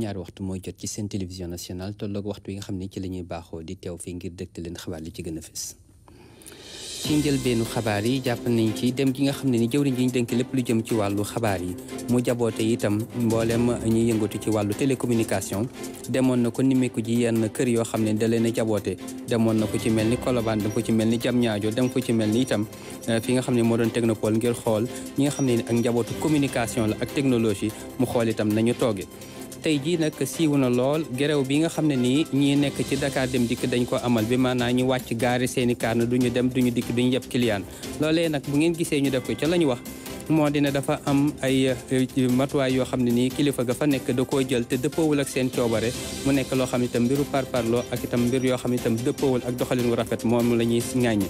juróom-ñaari waxtu mooy jot ci seen télévision nationale tolloog waxtu yi nga xam ne ci la ñuy baaxoo di teew fii ngir dëkk leen xabaar li ci gën a ci njëlbeenu xabaar yi jàpp nañ ci dem gi nga xam ne ni jëwriñ ji ñu dénk lépp lu jëm ci wàllu xabaar yi mu jaboote itam mboolem ñuy yëngatu ci wàllu télécommunication demoon na ko nimeeku ji yenn kër yoo xam ne da leen a jaboote demoon na ko ci mel ni Colobane dem ko ci mel ni Diamniadio dem ko ci mel ni itam eh, fi nga xam ne moo doon technopole ngir xool ñi nga xam ne ni ak njabootu communication la ak technologie mu xool itam nañu tooge tey jii nag siiwuna lool gerew bi nga xam ne nii ñii nekk ci dakar dem dikk dañ ko amal bi maanaam ñu wàcc gaare seeni kaarna du ñu dem du ñu dikk du ñu yeb kiliyaan loolee nag bu ngeen gisee ñu def ko ca la wax moo dina dafa am ay matuwaay yoo xam ne nii kilifa ga fa nekk da koo jël te dëppowul ak seen coobare mu nekk loo xam itam mbiru parparloo ak itam mbir yoo xam itam dëppowul ak doxalin wu rafet moom la ñuy ŋàññi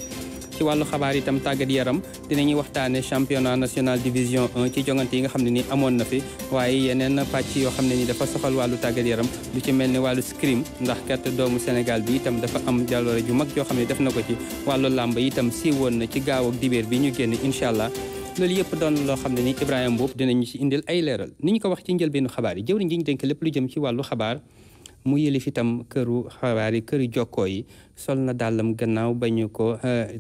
ci wàllu xabaar itam tàggat yaram dinañuy waxtaane championnat national division 1 ci jongante yi nga xam ne ni amoon na fi waaye yeneen pàcc yoo xam ne ni dafa soxal wàllu tàggat yaram lu ci mel ne wàllu scrim ndax kat doomu Sénégal bi itam dafa am jaloore ju mag yoo xam ne def na ko ci wàllu làmb itam siiwoon na ci gaaw ak bi ñu génn incha allah loolu yëpp doon loo xam ne ni Ibrahima Mboup dinañu ci indil ay leeral ni ñu ko wax ci njëlbeenu xabaar yi jëwriñ ji ñu lépp lu jëm ci wàllu xabaar mu yëlif itam këru xabaar yi kër jokkoo yi sol na dàllam gannaaw ba ñu ko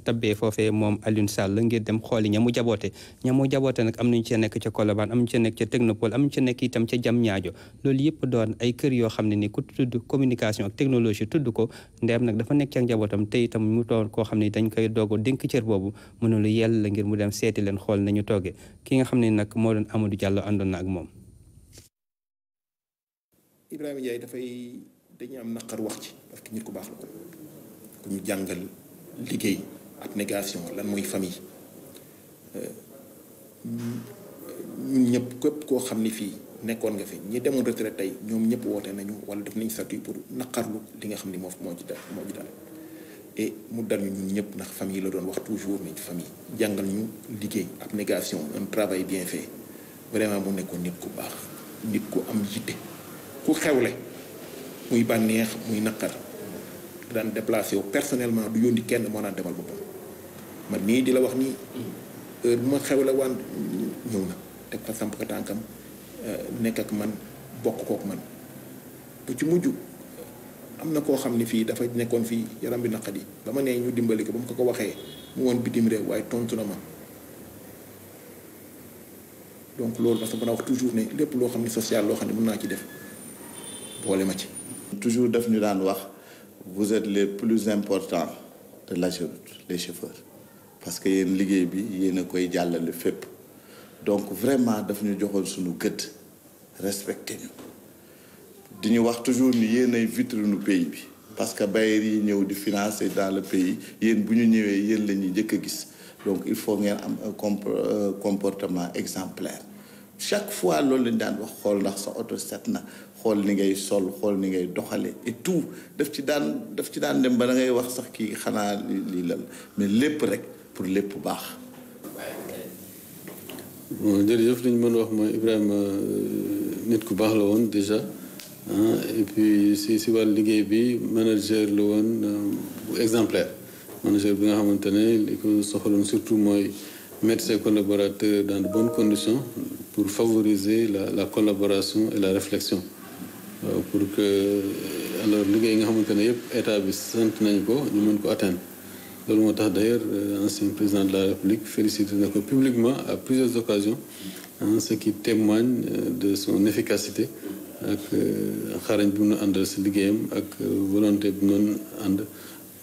tabbee foofee moom Alioune Sall ngir dem xooli ña mu jaboote ña mu jaboote nag am nañu ci nekk ca Colobane am ñu ci nekk ca Technopole am ñu ci nekk itam ca jam ñaajo loolu yëpp doon ay kër yoo xam ne ni ku tudd communication ak technologie tudd ko ndeem nag dafa nekk ca njabootam tey itam mu doon ko xam ne dañ koy doog a dénk cër boobu mënulu yell la ngir mu dem seeti leen xool nañu toogee ki nga xam ne nag moo doon Amadou Diallo àndoon na moom Ibrahim Ndiaye fay des am nakar wax ci parce que nit ku bax la ñu liggéey lan famille euh, ñun ñëpp képp koo xam ni fii nga fi ñi retraite nañu wala def pour naqarlu li nga et mu dal ñu ñun ñëpp ndax famille la toujours famille jàngal ñu liggéey un travail bien fait vraiment mu nekkoon nit ku baax nit ku xewle muy bànneex muy naqar daan déplacé wu personnellement du yónni kenn moo naan demal boppam man nii di la wax nii heure bu ma xewle waan ñëw na teg fa samp ko tànkam euh, nekk ak man bokk kook man bu ci mujj am na koo xam ne fii dafa nekkoon fii yaram bi naqadi ba ma nee ñu dimbali ko ba mu ko ko waxee mu woon bitim réew waaye tontu na ma donc loolu parce que mën naa wax toujours ne lépp loo xam ne social loo xam ne mun naa ci def Pour ci. toujours devenu dans wax vous êtes les plus importants de la route, les chauffeurs parce que yéen liggéey bi y a koy le FEP. donc vraiment daf ñu joxoon suñu respectez Nous ñu toujours wax toujours ni yéen ay vitrine pays parce que bailleurs yi ñëw di financer dans le pays ils bu ñu ñëwee yéen la ñuy gis donc il faut avoir un comportement exemplaire chaque fois que le daan wax xool ndax sa oto xol ni ngay sol ni ngay et tout daf ci ci dem ba ngay wax mais rek pour les baax. et puis si manager euh, exemplaire manager surtout mettre ses collaborateurs dans de bonnes conditions pour favoriser la collaboration et la réflexion. Euh, pour que alors liggéey nga xamantene yépp état bi sant nañ ko ñu mën ko atteindre loolu moo tax d'ailleurs euh, ancien président de la république félicité na ko publiquement à plusieurs occasions hein, ce qui témoigne euh, de son efficacité ak xarañ bu mu àndal si liggéeyam ak volonté bu mu ànd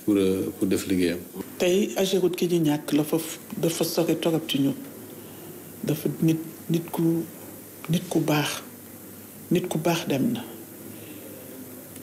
pour pour def liggéeyam. tey Ageroute ki ñu ñàkk la fa dafa sori torop ci ñu dafa nit nit ku nit ku baax nit ku baax dem na.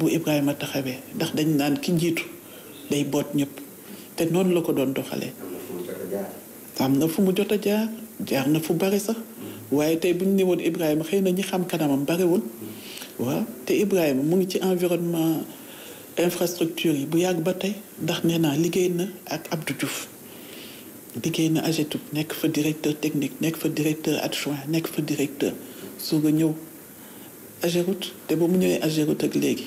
bu ibrahim a taxawee ndax dañ naan ki jiitu day boot ñëpp te noonu la ko doon doxalee. am na fu mu jot a jaar jaar na fu bari sax waaye tey bu ñu ne woon Ibrahima xëy na ñi xam kanamam bariwul waaw te Ibrahima mu ngi ci environnement infrastructure yi bu yàgg ba tey ndax nee naa liggéey na ak Abdou Diouf liggéey na AGETOUP nekk fa directeur technique nekk fa directeur adjoint nekk fa directeur soo nga ñëw AGEROUTE te ba mu ñëwee AGEROUTE ak léegi.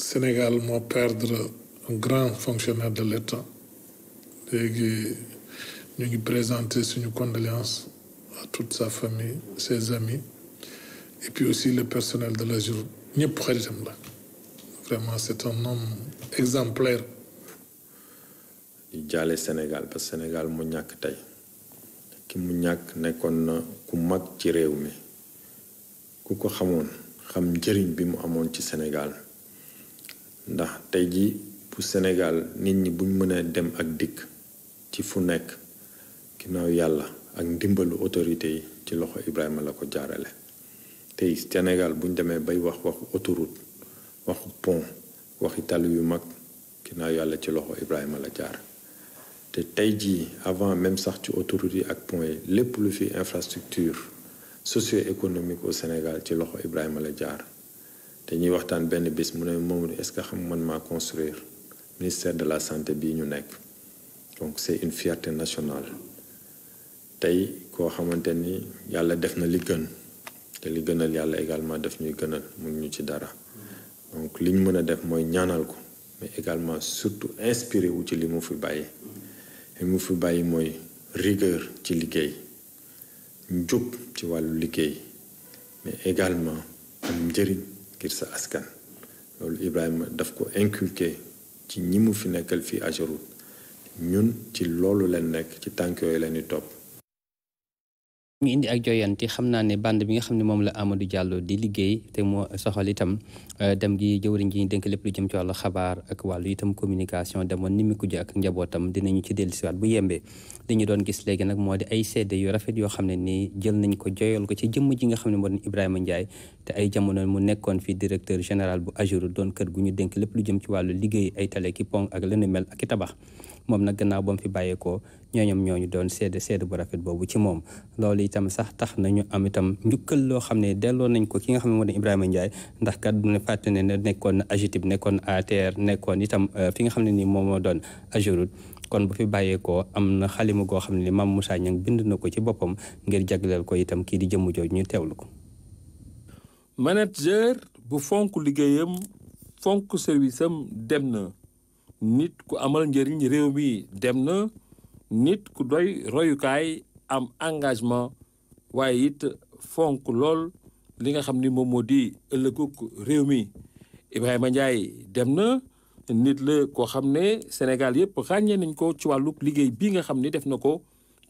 Sénégal m'a perdu un grand fonctionnaire de l'État Nous ñu ngi présenter condoléances à toute sa famille ses amis et puis aussi le personnel de la journée. vraiment c'est un homme exemplaire. di Sénégal parce que Sénégal un qui Sénégal. ndax tey jii bu Sénégal nit ñi buñ mënee dem ak dikk ci fu nekk ki ginnaaw yàlla ak ndimbalu autorité yi ci loxo Ibrahima la ko jaarale tey Sénégal buñ demee bay wax waxu autoroute waxu pont waxi tali yu mag ki ginnaaw yàlla ci loxo Ibrahima la jaar te tey ji avant même sax ci autoroute yi ak pont yi lépp lu fi infrastructure socio-économique au Sénégal ci loxo Ibrahima la jaar dañuy waxtaan benn bis mu ne est-ce que xam man maa construire ministère de la santé bii ñu nekk donc c'est une fierté nationale tey koo xamante ni yàlla def na li gën te li gënal yàlla également def ñuy gënal mu ñu ci dara donc li ñu mën a def mooy ñaanal ko mais également surtout inspiré wu ci li mu fi bàyyi li mu fi bàyyi mooy rigueur ci liggéey njub ci wàllu liggéey mais également am ngir sa askan loolu Ibrahima daf ko inculqué ci ñi mu fi nekkal fii Ageroute ñun ci loolu leen nekk ci tànk yooyu leen di topp ñu indi ak joyanti xam naa ne band bi nga xam ne moom la Amadou jàlloo di liggéey te moo soxal itam euh, dem gi jëwriñ ji ñu dénk lépp lu jëm ci wàllu xabaar ak wàllu itam communication demoon ni mu ko ji ak njabootam dinañu ci dellusiwaat bu yembee li doon gis léegi nag moo di ay seede yu rafet yoo xam ne nii jël nañ ko joyal ko ci jëmm ji nga xam ne moo doon Ibrahima Ndiaye te ay jamono mu nekkoon fi directeur général bu AGEROUTE doon kër gu ñu denk lépp lu jëm ci wàllu liggéey ay tale ki ak leneen mel ak tabax moom nag gannaaw ba mu fi bàyyeekoo ñooñom ñooñu doon seede seede bu rafet boobu ci moom loolu itam sax tax nañu am itam njukkal loo xam ne delloo nañ ko ki nga xam ne moo ne Ibrahima Ndiaye ndax kat du ne fàtte nekkoon na AGETIP nekkoon na nekkoon itam euh, fi xam ne nii moom moo doon AGEROUTE kon bu fi bàyyeekoo am na xalima goo xam ne Mame Moussa Niang bind na ko ci boppam ngir jagleel ko itam kii di jëmm jooju ñu teewlu ko. manager bu fonk liggéeyam fonk service dem na. nit ku amal njëriñ réew mi dem na nit ku doy royukaay am engagement waaye it fonk lool li nga xam ni moom moo di ëllëgug réew mi Ibrahima Ndiaye dem na nit la koo xam ne Sénégal yëpp ràññee nañ ko ci wàllu liggéey bi nga xam ni def na ko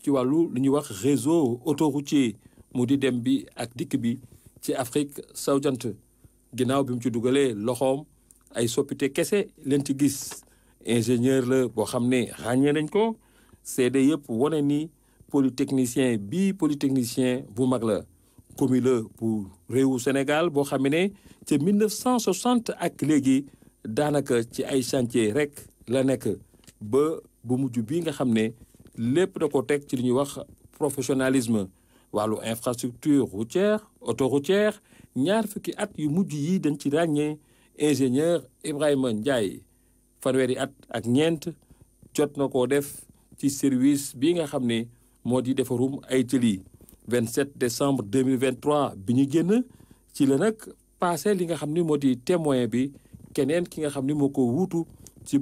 ci wàllu lu ñuy wax réseau autoroutier mu di dem bi ak dikk bi ci Afrique sowwu ginnaaw bi mu ci dugalee loxoom ay soppite kese leen ci gis ingénieur le boo xam ragné nañ ko pour ni polytechnicien bi polytechnicien Sénégal 1960 ak légui chantier rek la ba bu nga professionnalisme infrastructure routière autoroutière ñaar fukki at yu yi ingénieur Ndiaye fanweeri at ak ñent jot nako def ci service bi nga xamné modi defarum ay teli 27 décembre 2023 biñu ñu génn ci le nak passé li nga xamné modi témoin bi kenen ki nga xamné moko moo ci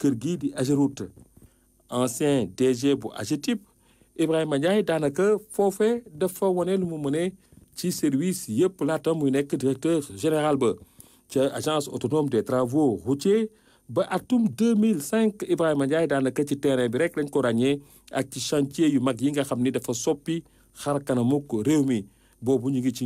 kër gi di Ageroute ancien DG bu AGETIP Ibrahim Ndiaye daanaka fofé dafa wane lu mu mëne ci service yépp laata muy nek directeur général ba ci agence autonome des travaux routiers ba atum 2005 Ibrahima Ndiaye daanaka ci terrain bi rek lañ ko ragné ak ci chantier yu mag yi nga xamni dafa soppi xar kanamuk réew mi ñu ngi ci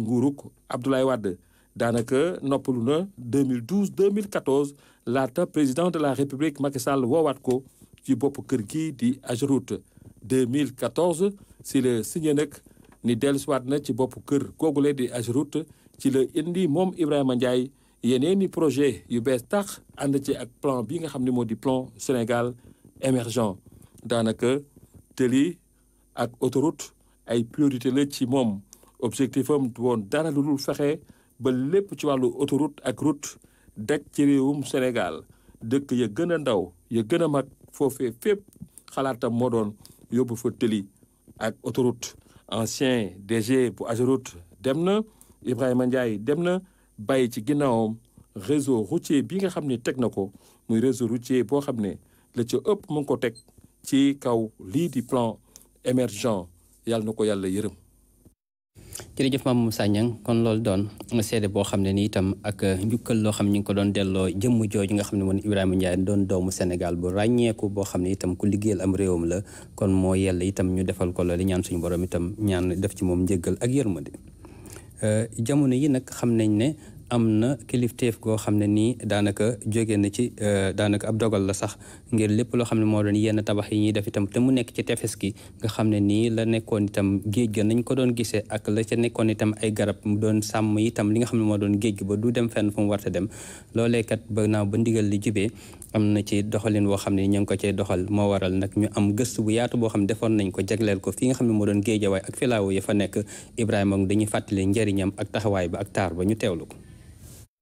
Abdoulaye Wade daanaka noppalu na 2012 2014 laata président de la république Macky Sall wowat ko ci bop kër gi di Ageroute 2014 c'est le signé nag ni dellusiwaat na ci bop kër di Ageroute ci le indi mom Ibrahima Ndiaye yeneen projet yu bees tax ànd ci ak plan bi nga plan Sénégal émergent daanaka tëli ak autoroute ay priorité la ci moom objectif am woon dara lu dul ba lépp ci wàllu autoroute ak route ci Sénégal dëkk ya gën a ndaw ya gën a mag foofee fépp xalaatam doon yóbbu fa ak autoroute ancien DG pour Ageroute dem Ibrahima Ndiaye dem bàyyi ci ginnaawam réseau routier bi nga xam ne teg na ko muy réseau routier boo xam ne la ci ëpp mu ngi ko teg ci kaw lii di plan émergent yàlla na ko yàlla yërëm. jërëjëf Mame Moussa Niang kon loolu doon seede boo xam ne ni itam ak njukkal loo xam ñu ngi ko doon delloo jëmm jooju nga xam ne moom Ibrahima Ndiaye doon doomu Sénégal bu ràññeeku boo xam ne itam ku liggéeyal am réewam la kon moo yàlla itam ñu defal ko loolu ñaan suñu borom itam ñaan def ci moom njëggal ak yërmande. Euh, jamono yi nag xam nañ ne am na kilifteef goo xam ne nii daanaka jóge na ci euh, daanaka ab dogal la sax ngir lépp loo xam ne moo doon yenn tabax yi ñuy def itam te mu nekk ci tefes gi nga xam ne nii la nekkoon itam géej ga nañ ko doon gisee ak la ca nekkoon itam ay garab mu doon sàmm itam li nga xam ne moo doon géej gi ba du dem fenn fu mu war a dem loolee kat ba naaw ba ndigal li jibee am na ci doxalin woo xam ne ñu ngi ko cee doxal moo waral nag ñu am gëstu bu yaatu boo xam ne defoon nañ ko jagleel ko fi nga xam ne moo doon géejawaay ak filaawo ya fa nekk Ibrahima dañuy fàttali njëriñam ak taxawaay ba ak ba ñu teewlu ko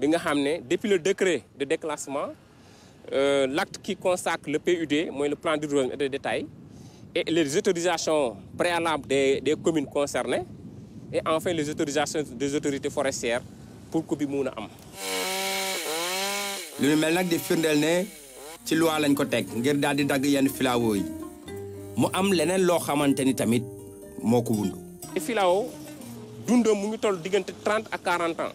bi nga depuis le décret de déclassement euh, l'acte qui consacre le PUD moi le plan de détail et les autorisations préalables des des communes concernées et enfin les autorisations des autorités forestières pour que bi mun a am. lu mel nak di firndeel ne ci loi lañ ko teg ngir dal di dag yenn filao yi mu am leneen lo xamante tamit moko ko Et filao dundam mu ngi toll diggante trente à quarante ans.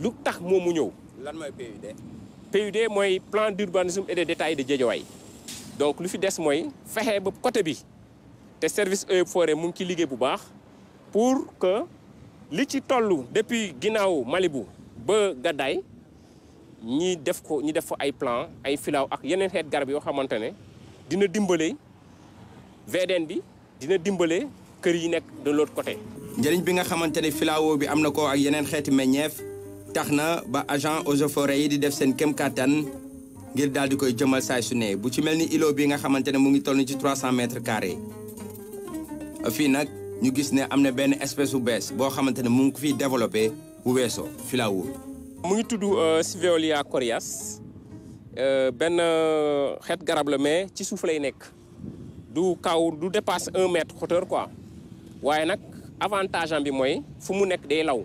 lu tax moom mu lan moy PUD. PUD moy plan d'urbanisme et de détail de Guédiawaye donc lu fi dess moy fexé ba côté bi té service eaux forêt mu ngi liggé bu baax pour que li ci tollu depuis ginnaaw Malibu ba gaday ñi def ko ñi def fa ay plan ay filaaw ak yenen xeet garab yo xamante dina dimbale VDN bi dina dimbale kër yi nek de l'autre côté. njëriñ bi nga xamante ne bi amna ko ak yenen xeeti meññeef. tax na ba agent eaux et yi di def seen kem kàttan ngir daal di koy jëmal saay su ne bu ci mel ni ilo bi nga xamante ne mu ngi toll ci 300 mètres carrés fii nag ñu gis ne am na benn espèce bu bees boo xamante ne mu ngi ko fiy développé bu weesoo filawul mu ngi tudd euh, Civeolia coriace euh, benn euh, xeet garab la mais ci suuf lay nekk du kaw du dépasse un mètre hauteur quoi waaye nag avantage am bi mooy fu mu nekk day law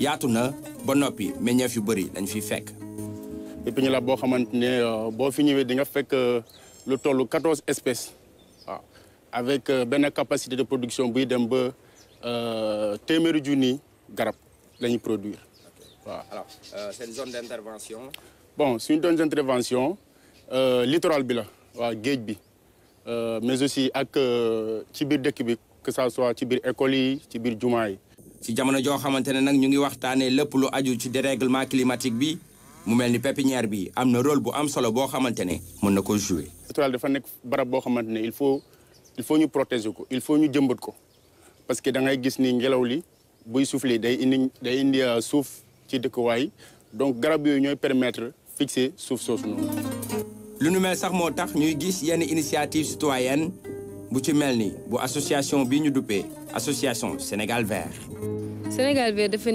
yaatu na ba noppi meññeef yu bëri dañ fi fekk. pépinière la bo xamantene euh, bo fi ñëwee di nga fekk euh, lu tollu 14 espèces waaw avec euh, benn capacité de production buy dem ba téeméeri junni garab la produire waaw. alors seen zone d'intervention. bon suñu zone d'intervention littoral bi la wa géej bi euh mais aussi ak ci bir dëkk bi que ça soit ci bir école yi ci bir jumaa yi ci jamono joo xamantene ne nag ñu ngi waxtaanee lépp lu aju ci dérèglement climatique bi mu mel ni pépinière bi am na rôle bu am solo boo xamante ne mën na ko jouer. littoral dafa nekk barab boo xamante ne il faut il faut ñu protéger ko il faut ñu jëmbat ko parce que da ngay gis ni ngelaw li buy souffler day indi day indi euh, suuf ci dëkkuwaay donc garab yooyu ñooy permettre fixer suuf soosu noonu. lu nu mel sax moo tax ñuy gis yenn initiative citoyenne bu ci melni association bi ñu association Sénégal Vert. Sénégal Vert est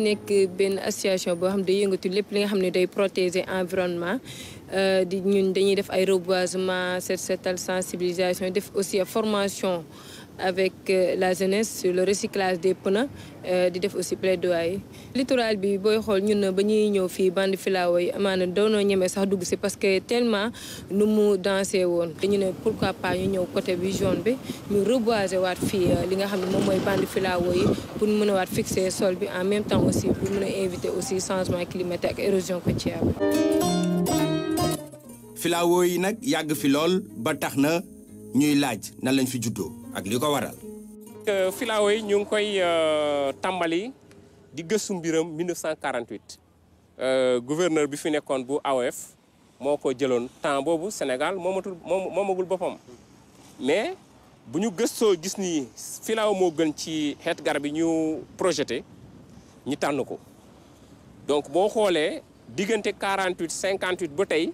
une association qui xam ne de li nga de protéger l'environnement, euh, di ñun dañuy def ay reboisement sensibilisation aussi formation avec euh, la jeunesse sur le recyclage des pneus euh, di def aussi plaidoyer littoral bi boy xol ñun ba ñuy ñëw fi bande filao yi amaana doonoo ñemee sax dugg ci parce que tellement nu mu dansé woon ñu né pourquoi pas ñu ñëw côté bi jaune bi ñu reboiser waat fi euh, li nga xamni mom moy mooy bande yi pour mëna a waat fixer sol bi en même temps aussi pour mëna éviter aussi changement climatique ak érosion côtière bi filao yi nag yàgg fi lol ba taxna ñuy laaj nan lañ fi juddoo ak li ko waral. Euh, filao yi ñu ngi koy euh, tàmbali di gëstu mbiram 1948 euh, gouverneur bi fi nekkoon bu AOF moo ko jëloon temps boobu Sénégal moomatul moomagul boppam mais bu ñu gëstoo gis ni filao moo gën ci xeet garab yi ñu projeté ñi tànn ko donc boo xoolee diggante 48 58 ba tey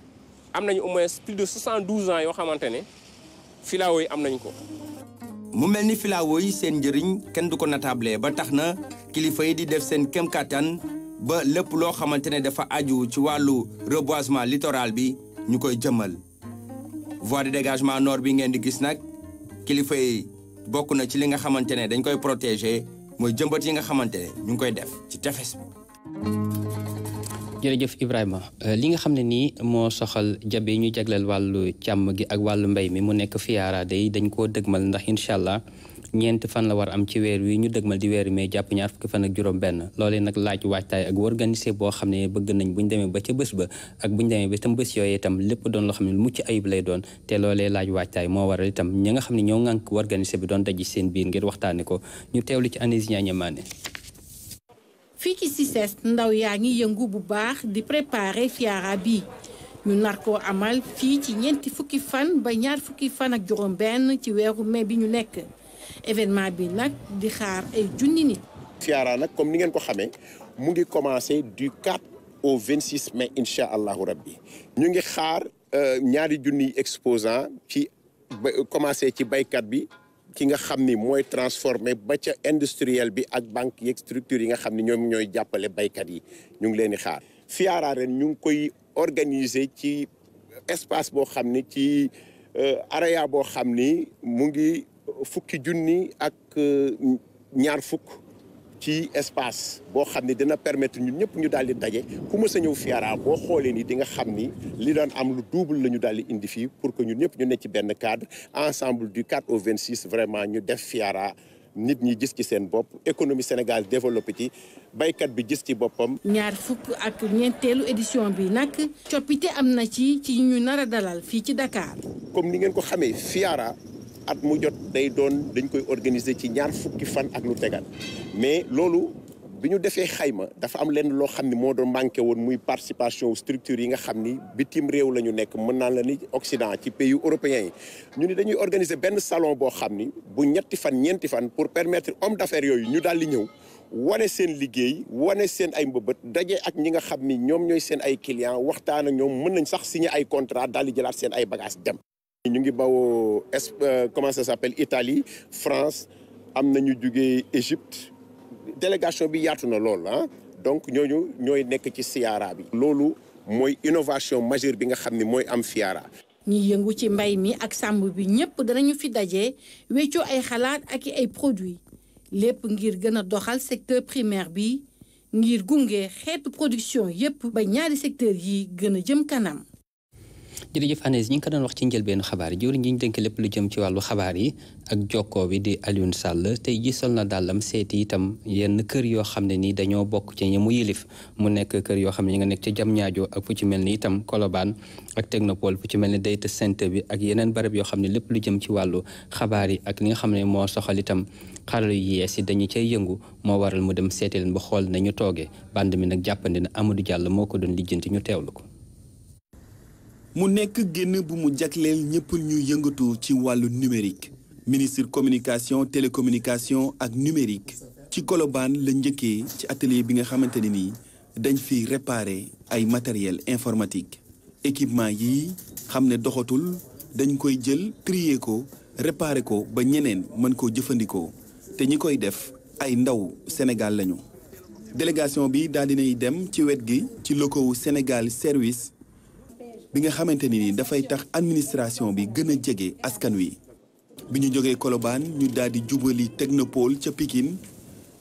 am nañu au moins plus de 72 ans yoo xamante ne filao yi am nañ ko. mu mel ni filaawo yi seen njëriñ kenn du ko natable ba tax na kilifa yi di def seen kem kàttan ba lépp loo xamante ne dafa aju ci wàllu reboisement littoral bi ñu koy jëmmal. voie de dégagement nord bi ngeen di gis nag kilifa yi bokk na ci li nga xamante ne dañ koy protéger mooy jëmbat yi nga xamante ne ñu ngi koy def ci tefes bi. jërëjëf Ibrahima euh, li nga xam ne nii moo soxal jabe yi ñu jagleel wàllu càmm gi ak wàllu mbay mi mu nekk fiyaaraade yi dañ koo dëgmal ndax incha allah ñeenti fan la war am ci weer wi ñu dëgmal di weer mais jàpp ñaar fukki fan ak juróom benn loolee nag laaj waajtaay ak organisé boo xam ne bëgg nañ buñ demee ba ca bés ba ak buñ demee ba tam bés yooyu itam lépp doon loo xam ne lu mucc ayib lay doon te loolee laaj waajtaay moo waral itam ñi nga xam ne ñoo ŋànk organisé bi doon daji seen biir ngir waxtaane ko ñu teewlu ci anésiñañamaane fii ci CICES ndaw yaangi yeungu bu baax di préparer fiara bi ñu nar koo amal fii ci ñenti fukki fan ba ñaar fukki fan ak juróom benn ci weeru mai bi ñu nekk événement bi nag di xaar ay junni nit. fiara nag comme ni ngeen ko xamee mu ngi commencé du 4 au 26 mai insha allahu rabbi ñu ngi xaar euh, ñaari junniy exposant ci commencé ci baykat bi ki nga xamni moy transformer ba ca industriel bi ak banque yeeg structure yi nga xamni ñom ñoy jappalé baykat yi ñu ngi leen di xaar FIARA ren ñu ngi koy organiser ci espace bo xamni ni ci euh, area bo xamni mu ngi fukki junni ak euh, ñaar fukk ci espace boo xam ni dina permettre ñu ñëpp ñu daal di daje ku mës a ñëw Fiara boo xoolee nii di nga xam ni li doon am lu double la ñu daal di indi fii pour que ñun ñëpp ñu nekk ci benn cadre ensemble du 4 au vingt 26 vraiment ñu def Fiara nit ñi gis ci seen bopp économie Sénégal développé ci baykat bi gis ci boppam. ñaar fukk ak ñeenteelu édition bi nag coppite am na ci ci ñu nar dalal fii ci Dakar. comme ni ngeen ko xamee Fiara. at mu jot day doon dañ koy organiser ci ñaar fukki fan ak lu tegal mais loolu bi ñu defee xayma dafa am lenn loo xam ne moo doon manqué woon muy participation structure yi nga xam ni bitim réew la ñu nekk mën naa la ni Occident ci pays européens yi ñu ni dañuy organiser benn salon boo xam ni bu ñetti fan ñeenti fan pour permettre homme d'affaires yooyu ñu daal di ñëw wane seen liggéey wane seen ay mbëbët dajee ak ñi nga xam ni ñoom ñooy seen ay clients waxtaan ñoom mën nañ sax signer ay contrat daal di jëlaat seen ay bagages dem. ñu ngi euh, comment ça s'appelle Italie France amener nañu jugee Égypte délégation bi yatuna na lool ah donc ñoñu ñoy nek ci siyaara bi. loolu moy innovation majeure bi nga xamni moy am siyaara. ñi yëngu ci mbay mi ak sambu bi ñëpp danañu fi dajé wéccu ay xalaat ak ay produits lépp ngir gëna doxal secteur primaire bi ngir gungé xeetu production yépp ba ñaari secteur yi gëna jëm kanam. jërëjëf Anes ñi ngi ko doon wax ci njëlbeenu xabaar yi jur ñi ñu lépp lu jëm ci wàllu xabaar yi ak jokkoo bi di Alioune sàll tey ji sol na dàllam seeti itam yenn kër yoo xam ne nii dañoo bokk ci ñi mu yilif mu kër yoo xam ne ñi nga nekk ci jam ñaajoo ak fu ci mel ni itam te ak Technopole fu ci mel ni data center bi ak yeneen barab yoo xam ne lépp lu jëm ci wàllu xabaar yi ak li nga xam ne moo soxal itam xarala yu yees yi dañu cay yëngu moo waral mu dem seeti leen ba xool nañu toogee band mi nag jàppandi na Amadou Diallo moo ko doon lijjanti ñu teewlu ko mu nekk génn bu mu jagleel ñëpp ñu yëngatu ci wàllu numérique ministre communication télécommunication ak numérique ci Colobane la njëkkee ci atelier bi nga xamante ne nii dañ fi réparer ay matériel informatique équipement yi xam ne doxatul dañ koy jël trier ko réparer ko ba ñeneen mën koo jëfandikoo te ñi koy def ay ndaw Sénégal lañu. délégation bi daal dinay dem ci wet gi ci locaux Sénégal service bi nga xamante ni nii dafay tax administration bi gën a jege askan wi. bi ñu jógee Colobane ñu daal di jubali technopole ca Pikine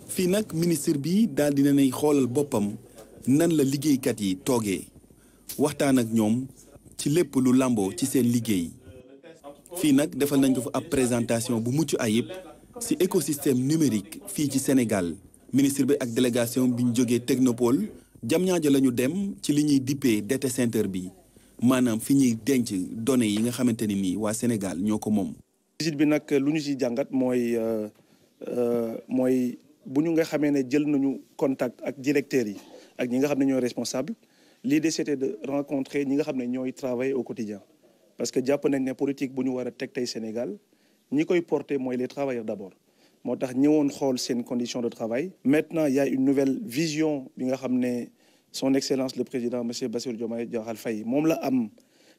fii nag ministre bi daal di na nay xoolal boppam nan la liggéeykat yi toogee waxtaan ak ñoom ci lépp lu làmboo ci seen liggéey. fii nag defal nañ ko fa ab présentation bu mucc ayib ci écosystème numérique fii ci Sénégal ministre bi ak délégation bi ñu jógee technopole jam ñaajo la ñu dem ci li ñuy dippee data center bi. manam fi ñuy denc données yi nga xamante ni wa Sénégal ñoo ko moom. visite bi nak lu ñu ci jàngat mooy euh, euh, mooy bu ñu nga xamee ne jël nañu contact ak directeur yi ak ñi nga xam ne ñooy responsable l'idée c'était de rencontrer ñi nga xam ne ñooy travailler au quotidien parce que jàpp nañ ne politique bu ñu war a teg tey Sénégal ñi koy porter mooy les travailleurs d'abord moo tax ñëwoon xool seen condition de travail maintenant il y a une nouvelle vision bi nga xam ne son excellence le président monsieur Bassir Diomaye Diakhar Faye mom la am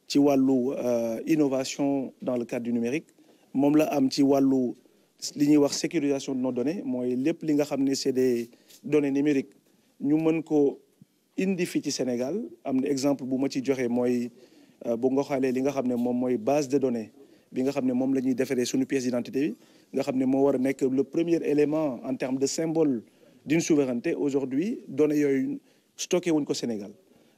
ci euh, innovation dans le cadre du numérique mom la am ci walu wax sécurisation de nos données moy lepp li nga xamné c'est des données numériques ñu mën ko indi fi ci Sénégal am exemple bu ma ci joxé moy euh, bu nga xalé li nga base de données bi nga xamné mom lañuy la suñu pièce d'identité bi nga xamné mo le premier élément en termes de symbole d'une souveraineté aujourd'hui données stocké wuñ ko Sénégal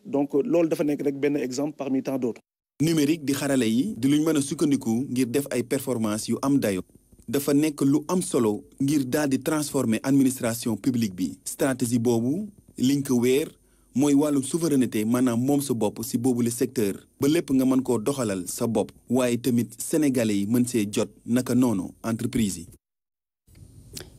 donc loolu dafa nekk rek benn exemple parmi tant d'autres. numérique di xarale yi di luñ mën a sukkandiku ngir def ay performance yu am dayo dafa nekk lu am solo ngir daal di transformer administration publique bi stratégie boobu liñ ko weer mooy wàllu souveraineté maanaam moom sa bopp si boobule secteur ba lépp nga mën koo doxalal sa bopp waaye tamit sénégalais yi mën see jot naka noonu entreprise yi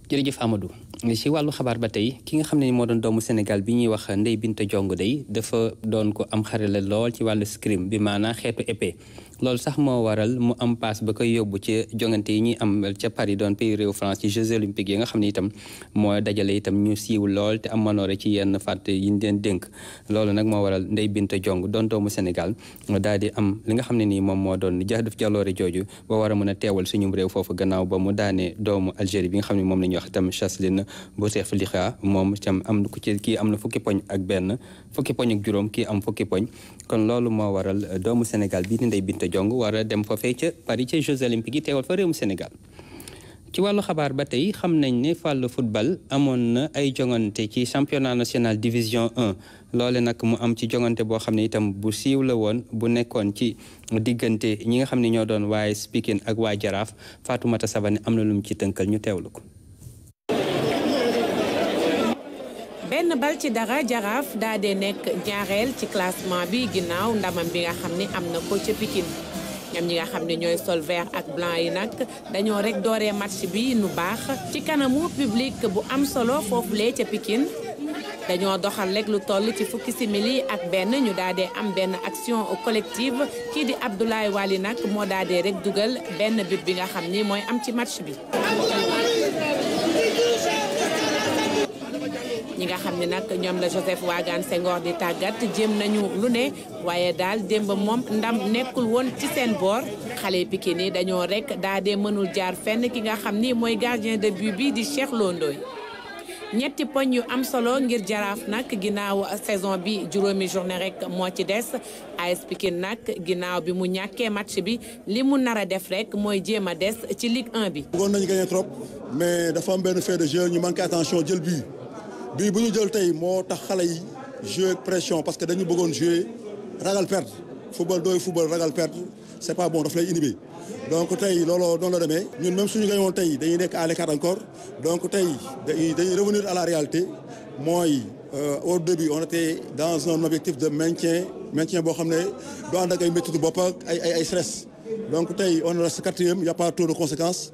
jërëjëf Amadou si wàllu xabaar ba tey ki nga xam ne moo doon doomu Sénégal bi ñuy wax ndey Binta Diongue day dafa doon ko am xare la lool ci wàllu scrim bi maanaa xeetu épée loolu sax moo waral mu am paas ba koy yóbbu ci jongante yi ñuy am ca Paris doon pays réew France ci Jeux olympiques yi nga xam ne itam moo dajale itam ñu siiw lool te am manoore ci yenn fàtte yi ñu leen dénk loolu nag moo waral Ndeye Binta Diong doon doomu Sénégal daal di am li nga xam ne nii moom moo doon ja def jaloore jooju ba war a mën a teewal suñu réew foofu gannaaw ba mu daanee doomu Algérie bi nga xam ne moom la ñuy wax itam Chasseline Bouteflika moom itam am ku ci kii am na fukki poñ ak benn fukki poñ ak juróom kii am fukki poñ kon loolu moo waral doomu Sénégal bii di Ndeye jong Diong dem foofee ca Paris ca Jeux olympiques yi teewal fa réewum Sénégal ci wàllu xabaar ba tey xam nañ ne fàllu football amoon na ay jongante ci championnat national division 1 loole nag mu am ci jongante boo xam ne itam bu siiw la woon bu nekkoon ci diggante ñi nga xam ne ñoo doon waaye Pikine ak waa Jaraaf Fatoumata Sabane am na lu mu ci tënkal ñu teew teewlu ko. benn bal ci dara jaraaf daa dee nekk ñaareel ci classement bi ginnaaw ndamam bi nga xam ni am na ko ca Pikine ñam ñi nga xam ni ñooy sol vert ak blanc yi nag dañoo rek dooree match bi nu baax ci kanamu public bu am solo foofulee ca pikin dañoo doxal rek lu toll ci fukki simili ak benn ñu daa am benn action collective kii di Abdoulaye yi nag moo daa dee rek dugal benn but bi nga xam ni mooy am ci match bi ñi nga xam ne nag ñoom la Joseph Wagan Senghor di tàggat jéem nañu lu ne waaye daal démb moom ndam nekkul woon ci seen boor xale Pikine dañoo rek daa dee mënul jaar fenn ki nga xam ni mooy gardien de but di Cheikh ñetti poñ yu am solo ngir jaraaf nag ginnaaw saison bi juróomi journée rek moo ci des AS Pikine nag ginnaaw bi mu ñàkkee match bi li mu nar a def rek mooy jéem a des ci Ligue 1 bi. bëggoon nañu gagné trop mais dafa am benn fait de jeu ñu manqué attention jël but. bi buñu jël tay moo tax xale yi jouer avec pression parce que dañu bëggone jouer ragal perdre football doy football ragal perdre c'est pas bon daf lay inhiber donc tay lolo non la démé ñun même suñu gañoon tay dañuy nek à l'écart encore donc tay dañuy revenir à la réalité euh, au début on était dans un objectif de maintien maintien bo xamné do doo ànd ak ay méttitu ak ay ay ay stress donc tay on reste quatrième y' a pas trop de conséquences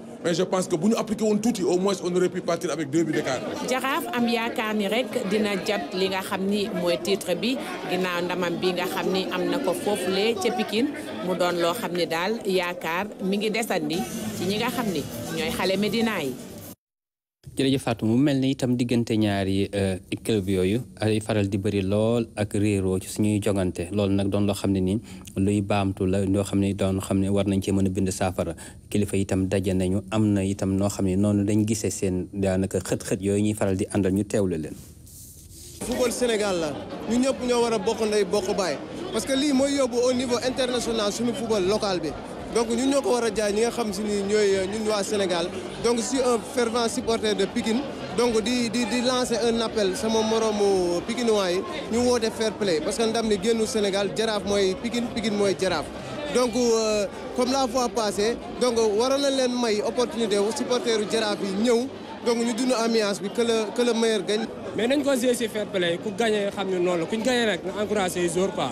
mais je pense que bu ñu appliqué woon au moins on aurait pu partir avec deux buts d'écart. Jaraaf am yaakaar ni rek dina jàpp li nga xam ni mooy titre bi ginnaaw ndamam bi nga xam ni am na ko foofulee Pikine mu doon loo xam ni daal yaakaar mi ngi desandi ci ñi nga xam ni ñooy xale jërëjëf Fatou mu mel ni itam diggante ñaari club yooyu ay faral di bëri lool ak réeroo ci suñuy jogante loolu nag doon loo xam ne ni luy baamtu la ñoo xam ne doon xam ne war nañ cee mën a bind saafara kilifa itam daje nañu am na itam noo xam ne noonu dañ gisee seen daanaka xët-xët yooyu ñuy faral di àndal ñu teewle leen. football Sénégal la ñu ñëpp ñoo war a bokk ndey bokk baay parce que lii mooy yóbbu au niveau international suñu football local bi. donc ñun ñoko wara jaay ñi nga xam ci ni ñoy euh, ñun wa Sénégal donc je suis un fervent supporter de Pikine donc di di di lancer un appel sama morom pikinois ñu wote fair play parce que ndam ni génnu Sénégal jaraaf moy Pikine Pikine moy jaraaf. donc euh, comme la fois passée donc waroon na leen may opportunité wu supporteru jaraaf yi ñëw donc ñu dund ambiance bi que le que le meilleur gagne. mais nañ ko jouer ci fair play ku gagné xam ne noonu la ku ñu gagné rek encourager encouragé pas.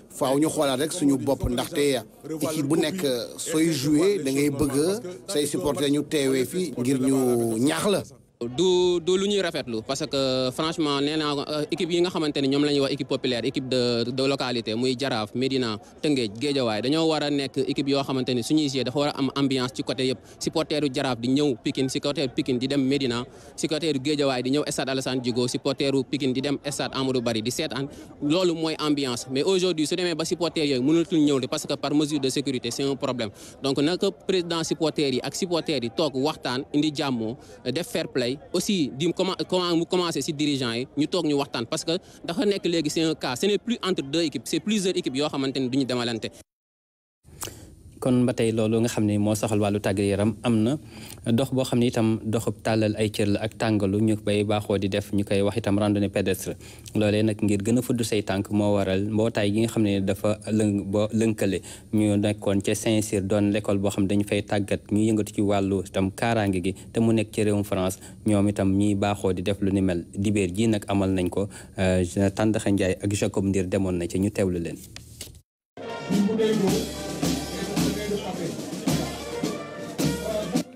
faaw ñu xoolaat rek suñu bopp ndaxte équipe bu nekk euh, sooy joué da ngay bëgg say supporter ñu teewee fii ngir ñu ñaax la. du du lu ñuy rafetlu parce que franchement nee naa euh, équipe yi nga xamante ni ñoom la ñuy wax équipe populaire équipe de de localité muy Jaraaf medina Tëngéej Géejawaay dañoo war a nekk équipe yoo xamante ni suñuy jeu dafa war a am ambiance ci côté yëpp supporteru Jaraaf di ñëw Pikine supporteru Pikine di dem Médina supporteru Géejawaay di ñëw stade Alassane Djigo supporteru Pikine di dem stade Amadou Barry di seetaan loolu mooy ambiance mais aujourd'hui su demee ba supporter yooyu mënatul ñëw parce que par mesure de sécurité c'est un problème donc naka président supporter yi ak supporter yi toog waxtaan indi jàmmoo def fair play aussi comment comment mu commencé si dirigeant yi nous toog ñu parce que dafa c'est un cas ce n'est plus entre deux équipes c'est plusieurs équipes qui ont ni du de kon ba tey loolu nga xam ne moo soxal wàllu tàggat yaram am na dox boo xam ne itam doxub tàllal ay cër la ak tàngalu ñu bay baaxoo di def ñu koy wax itam randonnée pédestre loolee nag ngir gën a fudd say tànk moo waral mbootaay gi nga xam ne dafa lëng boo lënkale ñu nekkoon ca Saint-Cyr doon l'école boo xam ne dañu fay tàggat ñu yëngatu ci wàllu tam kaaraange gi te mu nekk ci réewum France ñoom itam ñiy baaxoo di def lu ni mel dibéer jii nag amal nañ ko euh, Tandaxa Njaay ak Jacob Ndir demoon na ci ñu teewlu leen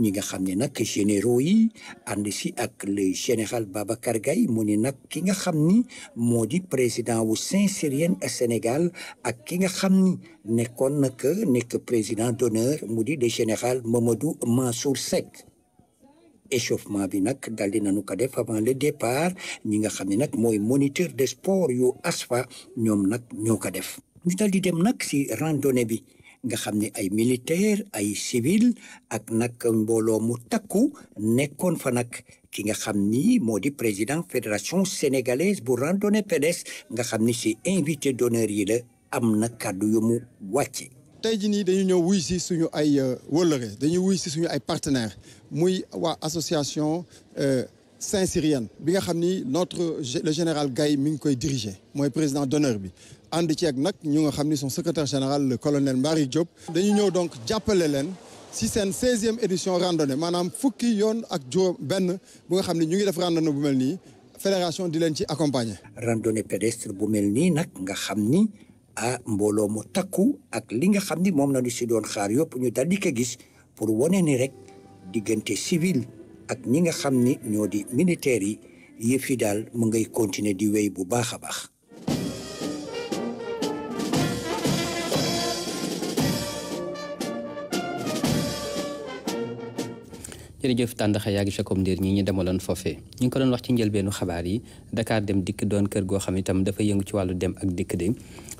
ñi nga xam ne nag généraux yi ànd si ak le général Babacar Gaye moo ni nag ki nga xam ni moo di président wu Saint-Syrien Sénégal ak ki nga xam ni nekkoon na nekk président d'honneur mu di de général Mamadou Mansour Seck échauffement bi nag dal di nañu ko def avant le départ ñi nga xam ni nag mooy moniteur de sport yu ASFA ñoom nag ñoo ko def ñu dal di dem nag si randonnée bi nga xam ne ay militaire ay civil ak nag mbooloo mu takku nekkoon fa nag ki nga xam ni moo di président fédération sénégalaise bu randonnée pédestre nga xam ni si invité d'honneur yi la am na kàddu yu mu wàcce tey jii nii dañu ñëw wuy si suñu ay euh, wëllëre dañu wuy si suñu ay partenaire muy waa association euh, saint-syrienne bi nga xam ni notre le général gay mi ngi koy diriger mooy président d'honneur bi ànd ci ak nak ñu nga xamni son secrétaire général le colonel Mbari Diop. dañu ñëw donc jàppale len si sen 16e édition randonnée manam fukki yoon ak juróom ben bu nga xamni ñu ngi def randonnée bu melni fédération di len ci accompagner. randonnée pédestre bu melni nak nga xamni a mbolo mbooloo mu takku ak li nga xamni mom moom ci ñu doon xaar yëpp ñu daldi ka gis pour wane ni rek diggante civil ak ñi nga xamni ñoo di militaire yi yëf yi daal mu ngay continuer di wéy bu baax a baax. jërëjëf tàndaxa yaagi Jacob Ndiir ñi ñu demaloon foofee ñu ngi ko doon wax ci njëlbeenu xabaar yi Dakar dem dikk doon kër goo xam itam dafa yëngu ci wàllu dem ak dikk de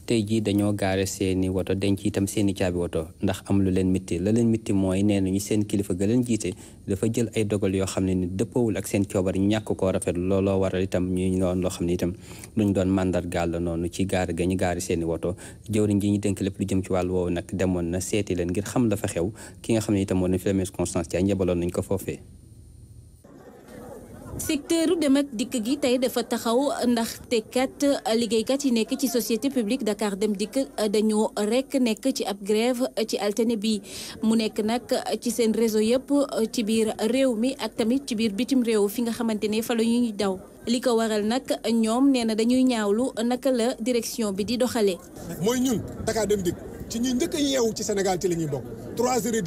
tey jii dañoo gaare seeni woto denc itam seeni caabi woto ndax am lu leen mitti la leen mitti mooy nee nañu seen kilifa ga leen jiite dafa jël ay dogal yoo xam ne ni dëppawul ak seen coobar ñàkk koo rafet looloo waral itam ñu doon loo xam ne itam luñ doon màndargaal la noonu ci gaar ga ñu gaari seen i woto jëwriñ ji ñu denk lépp lu jëm ci wàll woowu nag demoon na seeti leen ngir xam dafa xew ki nga xam ne itam moo nañ fi la Constance Diagne yebaloon nañ ko foofee secteuru dem ak dikk gi tey dafa taxaw ndax te kat euh, liggéeykat yi nekk ci société publique Dakar dem dikk euh, dañoo rek nekk ci ab grève euh, ci altine bi mu nekk nag ci seen réseau yëpp ci biir réew mi ak tamit ci biir bitim réew fi nga xamante ne fa la ngi daw li ko waral nag ñoom nee na dañuy ñaawlu naka la direction bi di doxalee. mooy ñun Dakar dem dikk ci ñuy njëkk a yeewu ci Sénégal ci la ñuy bokk trois heures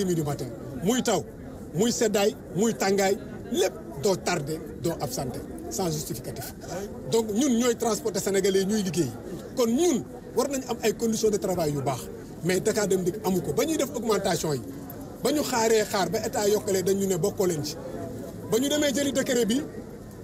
muy taw muy seddaay muy tàngaay lépp. tôt tardé dont absenté sans justificatif donc ñun nous transporter sénégalais yi ñuy liggéey kon ñun war nañu am ay conditions de travail yu baax mais Dakar Dem Dikk amu ko ba ñuy def augmentation yi ba ñu xaaree xaar ba état yokkalee dañu ne bokkoo leen ci ba ñu demee jëli décret bi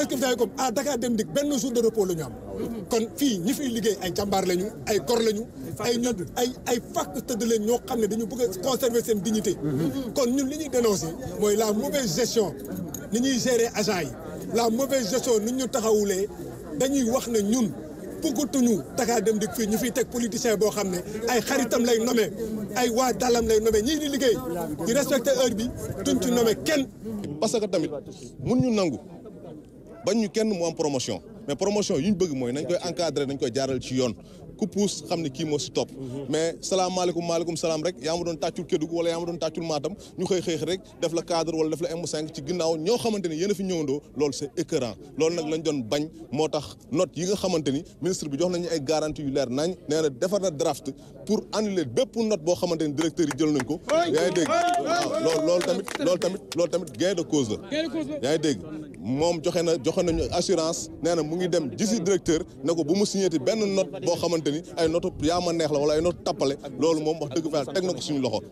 est-ce que vous savez comme à Dakar Dem Dikk benn jour de repos la ñu am ah kon fi ñi fiy liggéey ay jambar lañu ay kor lañu ay ñu ay ay fak teud leen ño xam dañu bëgg conserver seen dignité mhm. kon ñun li ñuy dénoncer moy la mauvaise gestion ni ñuy gérer agent yi la mauvaise gestion ni ñu taxawulé dañuy wax ne ñun bëggatuñu Dakar Dem dik fi ñu fiy tek politicien bo xam ay xaritam lay nommé ay wa dalam lay nommé ñi di liggéey di respecter heure bi duñ ci nommé kenn parce que tamit mun ñu nangu bañ ñu kenn mu am promotion mais promotion yu bëgg mooy nañ koy encadrer nañ koy jaaral ci yoon ku puus xam ne kii moo si topp mais salaamaaleykum maaleykum salaam rek yaa ma doon tàccul Kédougou wala yaa ma doon tàccul Matam ñu xëy xëy rek def la cadre wala def la M5 ci ginnaaw ñoo xamante ni a fi ñëwandoo loolu c'est écœurant loolu nag lañ doon bañ moo tax note yi nga xamante ministre bi jox nañu ay garantie yu leer nañ nee na defar na draft pour annuler bépp note boo xamante directeur yi jël nañ ko yaa dégg waaw loolu tamit loolu de ne ko bu mu xamante ni ay notu yaa ma neex la wala ay notu tappale loolu moom wax dëgg fa yàlla teg na ko suñu loxo.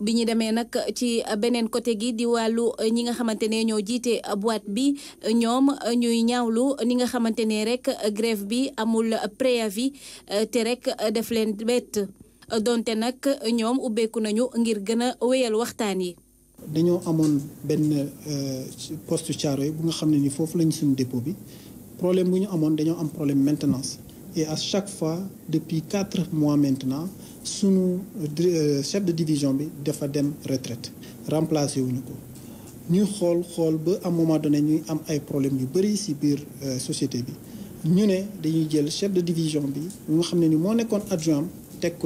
bi ñu demee nag ci beneen côté gi di wàllu ñi nga xamante ne ñoo jiite boîte bi ñoom ñuy ñaawlu ni nga xamante ne rek grève bi amul préavis te rek def leen bett donte nag ñoom ubbeeku nañu ngir gën a wéyal waxtaan yi. dañoo amoon benn euh, poste Thiaroye bu nga xam ne ni foofu lañ suñu dépôt bi problème bu ñu amoon dañoo am problème maintenance Et à chaque fois, depuis quatre mois maintenant, son euh, chef de division bi dafa retraite remplacé wuñu ko ñu à un moment donné nous avons des problèmes de bëri ci biir euh, société bi ñu chef de division nous nga les ne ni adjoint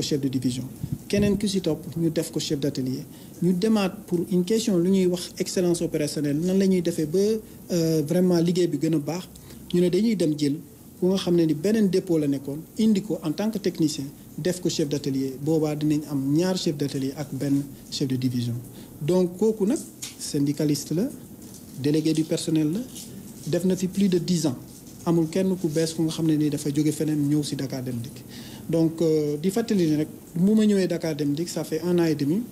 chef de division Kenen ki si top, ñu def ko chef d'atelier Nous demat pour une question lu ñuy excellence opérationnelle nan la ñuy ba euh, vraiment l'idée bi gën a baax ñu ne dañuy dem ku nga xam ne ni beneen dépôt la nekkoon indi en tant que technicien def ko chef d'atelier boba dinañ am ñaar chef d'atelier ak ben chef de division donc koku nak syndicaliste la délégué du personnel la def na fi plus de 10 ans amul kenn ku bes ko nga xamné ni dafa jóge fenen ñew ci Dakar Dem dik donc euh, di fàttali ne rek mu ma ñëwee Dakar Dem dik ça fait un an et demi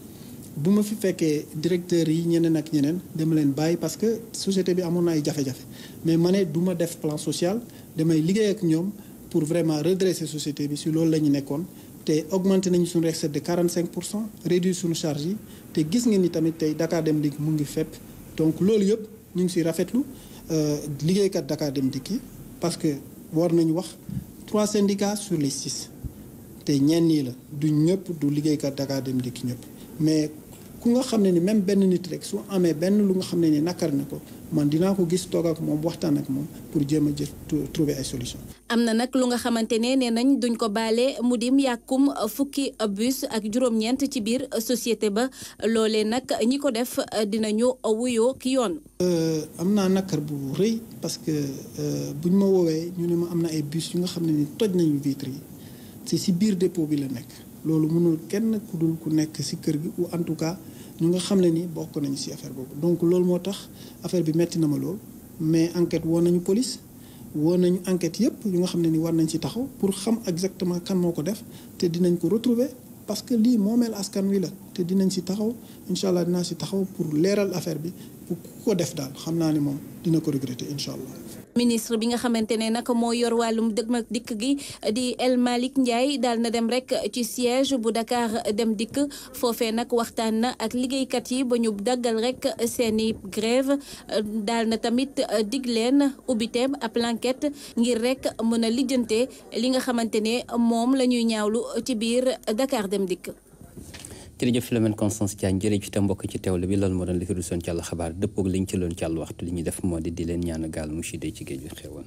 bu ma fi fekkee directeur yi ñeneen ak ñeneen dama leen bàyyi parce que société bi amoon na ay jafe-jafe mais ma ne du ma def plan social damay liggéey ak ñoom pour vraiment redresser société bi si loolu la ñu nekkoon te augmenté nañu suñu recette de 45 pour cent réduire suñu charge yi te gis ngeen ni tamit tey Dakar Dem Dikk mu ngi fépp donc loolu yëpp ñu ngi siy rafetlu euh, liggéeykat Dakar Dem Dikk yi parce que war nañu wax trois syndicats sur les six te ñenn yi la du ñëpp du liggéeykat Dakar Dem Dikk ñëpp mais ku nga xam ne ni même benn nit rek su amee benn lu nga xam ne ni nakar na ko man dinaa ko gis toog ak moom waxtaan ak moom pour jéem a jël trouver ay am na nag lu nga xamante ne nee nañ duñ ko baale mu dim yàkkum fukki bus ak juróom ci biir société ba loolee nag ñi ko def dina euh, dinañu wuyoo ki yoon. Euh, am naa nakar bu rëy parce que euh, bu ñu ma woowee ñu ne ma am na ay bus yu nga xam ne ni toj nañu vitre yi si si biir dépôt bi la nekk. loolu mënul kenn kudul ku nekk si kër gi ou en tout cas ñu nga xam ne ni bokk nañ si affaire boobu donc loolu moo tax affaire bi metti na ma lool mais enquête woo nañu police woo nañu enquête yëpp yu nga xam ne ni war nañ ci taxaw pour xam exactement kan moo ko def te dinañ ko retrouver parce que lii moomeel askan wi la te dinañ si taxaw incha allah dinaa si taxaw pour leeral affaire bi pour ku ko def daal xam naa ne moom dina ko regretter incha allah. ministre bi nga xamante ne nag moo yor wàllum dëgg dikk gi di El Malick Ndiaye daal na dem rek ci siège bu dakaar dem dikk foofe nag waxtaan na ak liggéeykat yi ba ñu daggal rek seeni grève daal na tamit dig leen ubbiteem ab enquête ngir rek mën a lijjante li nga xamante ne moom la ñuy ñaawlu ci biir dakaar dem dikk jërëjëf la mel Constance Diagne jërëjëf itam mbokk ci teewlu bi loolu moo doon li fi rusoon ci àll xabaar dëppoog liñ ci loon ci waxtu li ñuy def moo di di leen ñaan gaal mu ci géej gi xewoon